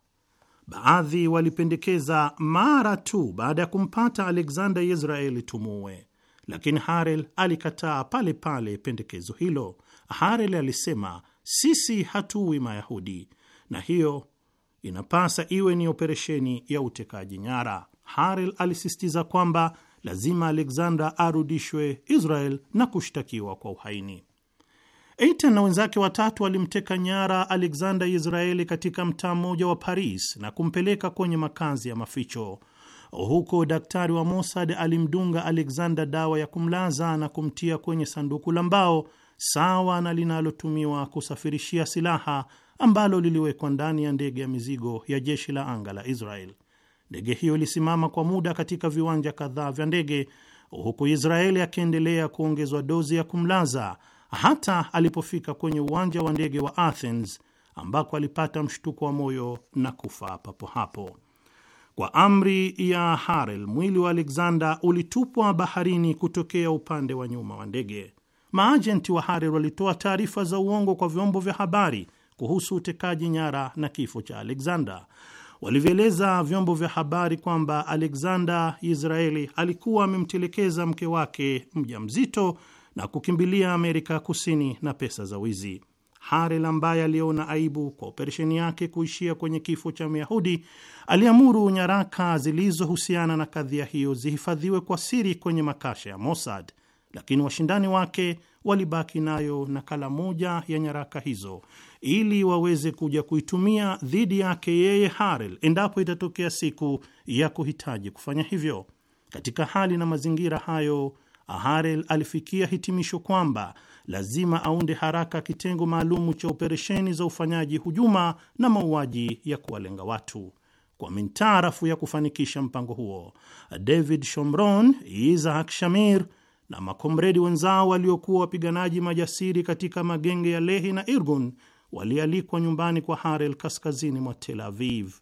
baadhi walipendekeza mara tu baada ya kumpata Alexander Israeli tumuue, lakini Harel alikataa pale pale pendekezo hilo. Harel alisema, sisi hatuwi Mayahudi, na hiyo inapasa iwe ni operesheni ya utekaji nyara. Harel alisisitiza kwamba lazima Alexander arudishwe Israel na kushtakiwa kwa uhaini. Eitan na wenzake watatu walimteka nyara Alexander Israeli katika mtaa mmoja wa Paris na kumpeleka kwenye makazi ya maficho. Huko daktari wa Mossad alimdunga Alexander dawa ya kumlaza na kumtia kwenye sanduku la mbao sawa na linalotumiwa kusafirishia silaha ambalo liliwekwa ndani ya ndege ya mizigo ya jeshi la anga la Israel. Ndege hiyo ilisimama kwa muda katika viwanja kadhaa vya ndege, huku Israeli akiendelea kuongezwa dozi ya kumlaza hata alipofika kwenye uwanja wa ndege wa Athens ambako alipata mshtuko wa moyo na kufa papo hapo. Kwa amri ya Harel, mwili wa Alexander ulitupwa baharini kutokea upande wa nyuma wa ndege. Maajenti wa Harel walitoa taarifa za uongo kwa vyombo vya habari kuhusu utekaji nyara na kifo cha Alexander. Walivyoeleza vyombo vya habari kwamba Alexander Israeli alikuwa amemtelekeza mke wake mja mzito na kukimbilia Amerika Kusini na pesa za wizi. Harel ambaye aliona aibu kwa operesheni yake kuishia kwenye kifo cha Myahudi aliamuru nyaraka zilizohusiana na kadhia hiyo zihifadhiwe kwa siri kwenye makasha ya Mossad lakini washindani wake walibaki nayo nakala moja ya nyaraka hizo ili waweze kuja kuitumia dhidi yake yeye Harel endapo itatokea siku ya kuhitaji kufanya hivyo. Katika hali na mazingira hayo, Harel alifikia hitimisho kwamba lazima aunde haraka kitengo maalumu cha operesheni za ufanyaji hujuma na mauaji ya kuwalenga watu. Kwa mintaarafu ya kufanikisha mpango huo, David Shomron, Isaac Shamir na makomredi wenzao waliokuwa wapiganaji majasiri katika magenge ya Lehi na Irgun walialikwa nyumbani kwa Harel kaskazini mwa Tel Aviv.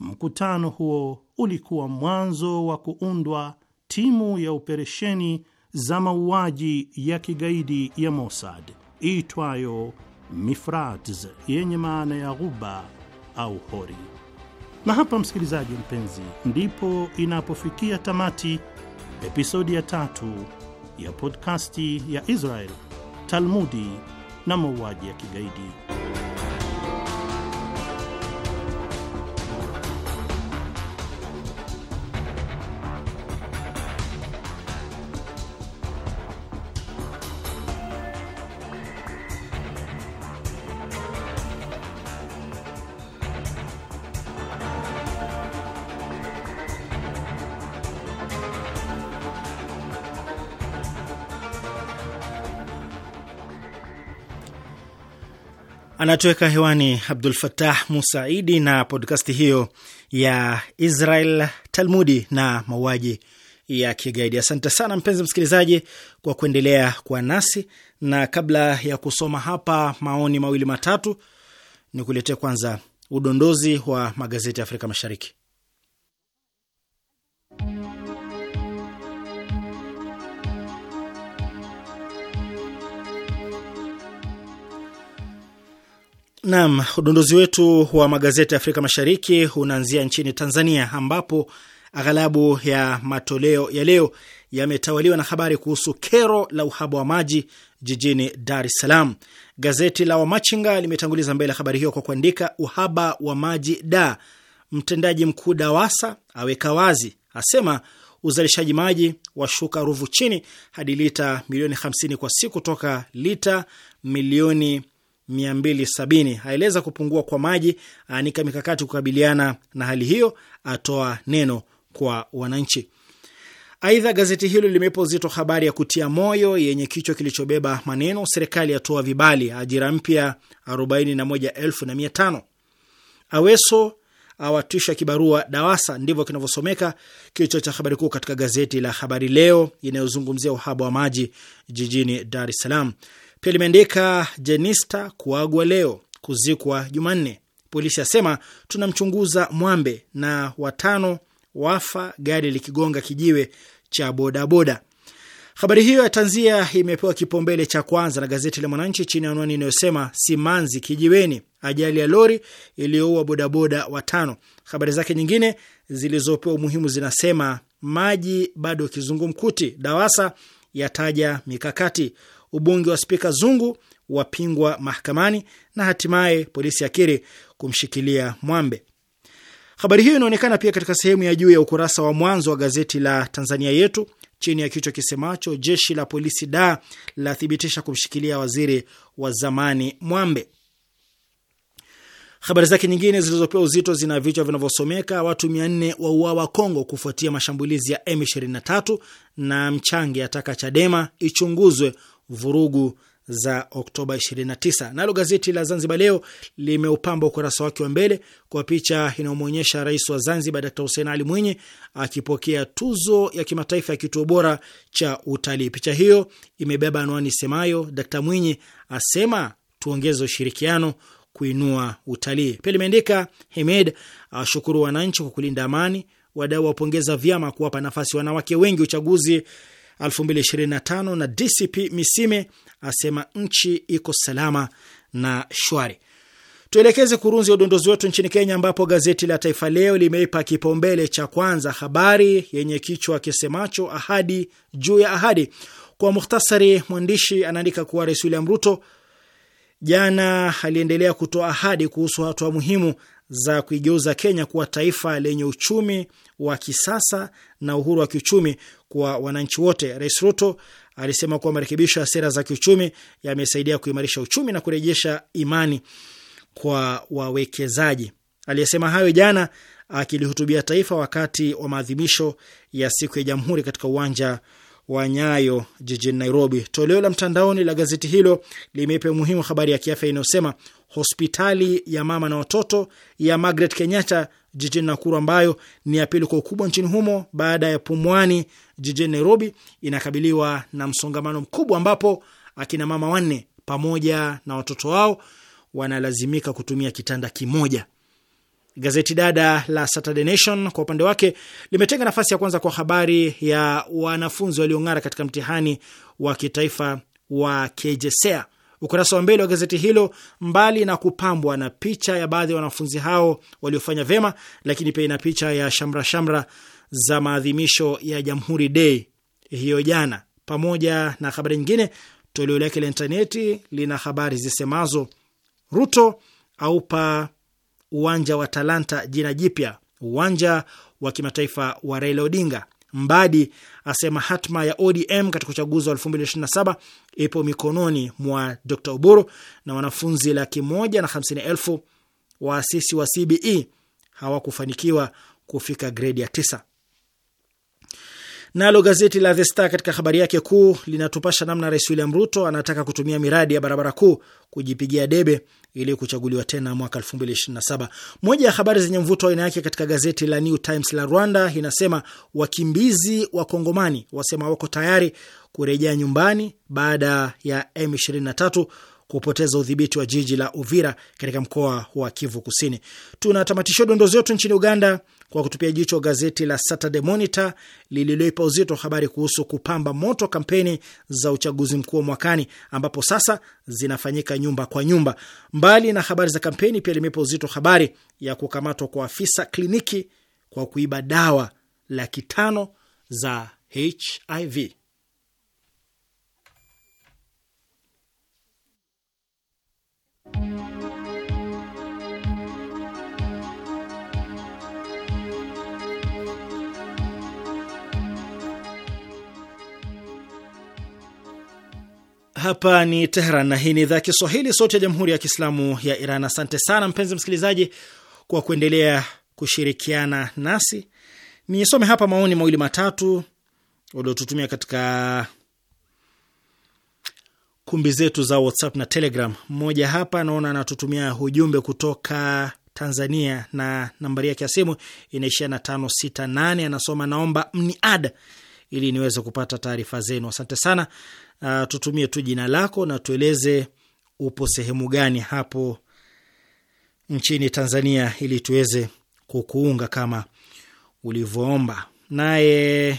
Mkutano huo ulikuwa mwanzo wa kuundwa timu ya operesheni za mauaji ya kigaidi ya Mossad iitwayo Mifrats, yenye maana ya ghuba au hori. Na hapa, msikilizaji mpenzi, ndipo inapofikia tamati episodi ya tatu ya podkasti ya Israel, Talmudi na mauaji ya kigaidi. Anatoweka hewani Abdul Fatah Musaidi na podkasti hiyo ya Israel Talmudi na mauaji ya kigaidi. Asante sana mpenzi msikilizaji kwa kuendelea kuwa nasi, na kabla ya kusoma hapa maoni mawili matatu, ni kuletea kwanza udondozi wa magazeti ya Afrika Mashariki. Naam, udondozi wetu wa magazeti ya Afrika Mashariki unaanzia nchini Tanzania, ambapo aghalabu ya matoleo ya leo yametawaliwa na habari kuhusu kero la uhaba wa maji jijini Dar es Salaam. Gazeti la Wamachinga limetanguliza mbele habari hiyo kwa kuandika uhaba wa maji da, mtendaji mkuu DAWASA aweka wazi, asema uzalishaji maji washuka Ruvu chini hadi lita milioni 50 kwa siku toka lita milioni 270. Aeleza kupungua kwa maji anika mikakati kukabiliana na hali hiyo, atoa neno kwa wananchi. Aidha, gazeti hilo limeipa uzito habari ya kutia moyo yenye kichwa kilichobeba maneno serikali yatoa vibali ajira mpya 41,500. Aweso awatisha kibarua Dawasa, ndivyo kinavyosomeka kichwa cha habari kuu katika gazeti la Habari Leo inayozungumzia uhaba wa maji jijini Dar es Salaam. Pia limeandika Jenista kuagwa leo, kuzikwa Jumanne. Polisi asema tunamchunguza Mwambe na watano wafa gari likigonga kijiwe cha bodaboda. Habari hiyo ya tanzia imepewa kipaumbele cha kwanza na gazeti la Mwananchi chini ya anwani inayosema simanzi kijiweni, ajali ya lori iliyoua bodaboda watano. Habari zake nyingine zilizopewa umuhimu zinasema maji bado kizungumkuti, DAWASA yataja mikakati, ubunge wa spika Zungu wapingwa mahakamani na hatimaye polisi akiri kumshikilia Mwambe. Habari hiyo inaonekana pia katika sehemu ya juu ya ukurasa wa mwanzo wa gazeti la Tanzania Yetu chini ya kichwa kisemacho jeshi la polisi da lathibitisha kumshikilia waziri wa zamani Mwambe. Habari zake nyingine zilizopewa uzito zina vichwa vinavyosomeka watu mia nne wauawa Kongo kufuatia mashambulizi ya M23 na mchange ataka Chadema ichunguzwe vurugu za Oktoba 29. Nalo gazeti la Zanzibar Leo limeupamba ukurasa wake wa mbele kwa picha inayomwonyesha rais wa Zanzibar Dr Hussein Ali Mwinyi akipokea tuzo ya kimataifa ya kituo bora cha utalii. Picha hiyo imebeba anwani semayo, d Mwinyi asema tuongeze ushirikiano kuinua utalii. Pia limeandika Hemed ashukuru wananchi kwa kulinda amani, wadau wapongeza vyama kuwapa nafasi wanawake wengi uchaguzi 2025 na DCP Misime asema nchi iko salama na shwari. Tuelekeze kurunzi ya udondozi wetu nchini Kenya, ambapo gazeti la Taifa Leo limeipa kipaumbele cha kwanza habari yenye kichwa kisemacho ahadi juu ya ahadi. Kwa muhtasari, mwandishi anaandika kuwa Rais William Ruto jana aliendelea kutoa ahadi kuhusu hatua muhimu za kuigeuza Kenya kuwa taifa lenye uchumi wa kisasa na uhuru wa kiuchumi kwa wananchi wote. Rais Ruto alisema kuwa marekebisho ya sera za kiuchumi yamesaidia kuimarisha uchumi na kurejesha imani kwa wawekezaji. Aliyesema hayo jana akilihutubia taifa wakati wa maadhimisho ya siku ya Jamhuri katika uwanja wa Nyayo jijini Nairobi. Toleo la mtandaoni la gazeti hilo limeipa umuhimu habari ya kiafya inayosema hospitali ya mama na watoto ya Margaret Kenyatta jijini Nakuru, ambayo ni ya pili kwa ukubwa nchini humo baada ya Pumwani jijini Nairobi, inakabiliwa na msongamano mkubwa, ambapo akina mama wanne pamoja na watoto wao wanalazimika kutumia kitanda kimoja. Gazeti dada la Saturday Nation kwa upande wake limetenga nafasi ya kwanza kwa habari ya wanafunzi waliong'ara katika mtihani wa kitaifa wa KJSEA. Ukurasa wa mbele wa gazeti hilo, mbali na kupambwa na picha ya baadhi ya wanafunzi hao waliofanya vyema, lakini pia ina picha ya shamra shamra za maadhimisho ya Jamhuri Day hiyo jana, pamoja na habari nyingine. Toleo lake la intaneti lina habari zisemazo Ruto aupa uwanja wa Talanta jina jipya, uwanja wa kimataifa wa Raila Odinga Mbadi asema hatma ya ODM katika uchaguzi wa 2027 ipo mikononi mwa Dr Oburu, na wanafunzi laki moja na hamsini elfu waasisi wa CBE hawakufanikiwa kufika gredi ya tisa. Nalo gazeti la The Star katika habari yake kuu linatupasha namna Rais William Ruto anataka kutumia miradi ya barabara kuu kujipigia debe ili kuchaguliwa tena mwaka 2027. Moja ya habari zenye mvuto wa aina yake katika gazeti la New Times la Rwanda inasema wakimbizi wa Kongomani wasema wako tayari kurejea nyumbani baada ya M23 kupoteza udhibiti wa jiji la Uvira katika mkoa wa Kivu Kusini. Tunatamatisha dondoo zetu nchini Uganda kwa kutupia jicho gazeti la Saturday Monitor lililoipa uzito habari kuhusu kupamba moto kampeni za uchaguzi mkuu wa mwakani, ambapo sasa zinafanyika nyumba kwa nyumba. Mbali na habari za kampeni, pia limeipa uzito habari ya kukamatwa kwa afisa kliniki kwa kuiba dawa laki tano za HIV. Hapa ni Teheran na hii ni idhaa ya Kiswahili, sauti ya jamhuri ya kiislamu ya Iran. Asante sana mpenzi msikilizaji kwa kuendelea kushirikiana nasi. Nisome hapa maoni mawili matatu waliotutumia katika kumbi zetu za WhatsApp na Telegram. Mmoja hapa naona anatutumia ujumbe kutoka Tanzania na nambari yake ya simu inaishia na tano sita nane, anasoma naomba mniada ili niweze kupata taarifa zenu. Asante sana. Uh, tutumie tu jina lako na tueleze upo sehemu gani hapo nchini Tanzania ili tuweze kukuunga kama ulivyoomba. Naye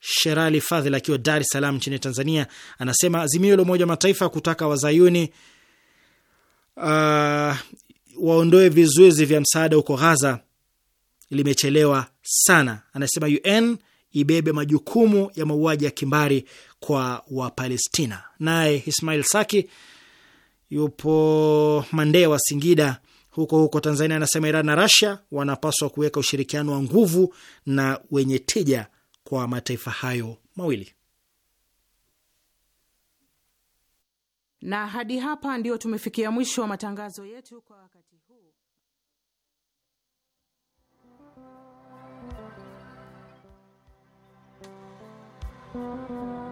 Sherali Fadhil akiwa Dar es Salaam nchini Tanzania anasema azimio la Umoja Mataifa kutaka wazayuni uh, waondoe vizuizi vya msaada huko Ghaza limechelewa sana. Anasema UN ibebe majukumu ya mauaji ya kimbari kwa Wapalestina. Naye Ismail Saki yupo Mandea wa Singida huko huko Tanzania, anasema Iran na Rasia wanapaswa kuweka ushirikiano wa nguvu na wenye tija kwa mataifa hayo mawili. Na hadi hapa ndio tumefikia mwisho wa matangazo yetu kwa wakati Thank you.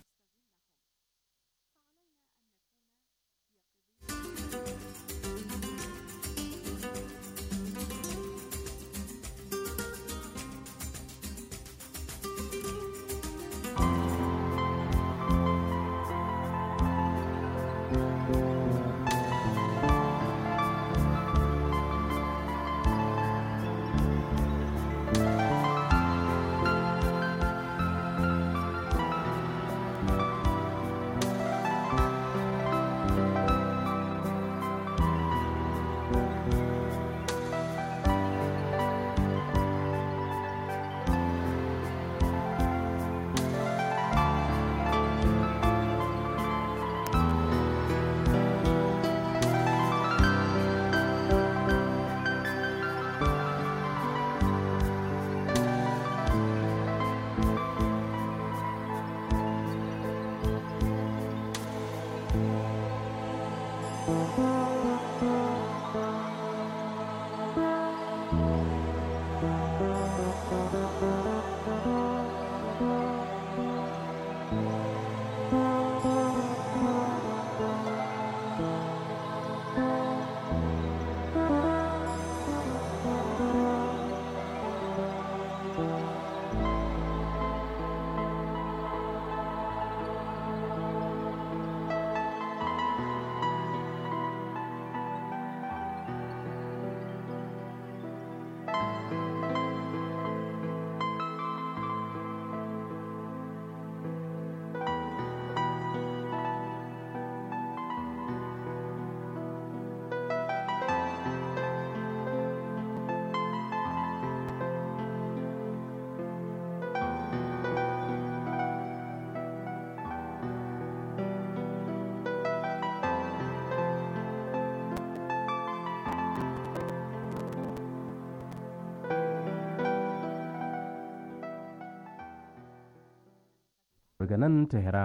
daga nan tehran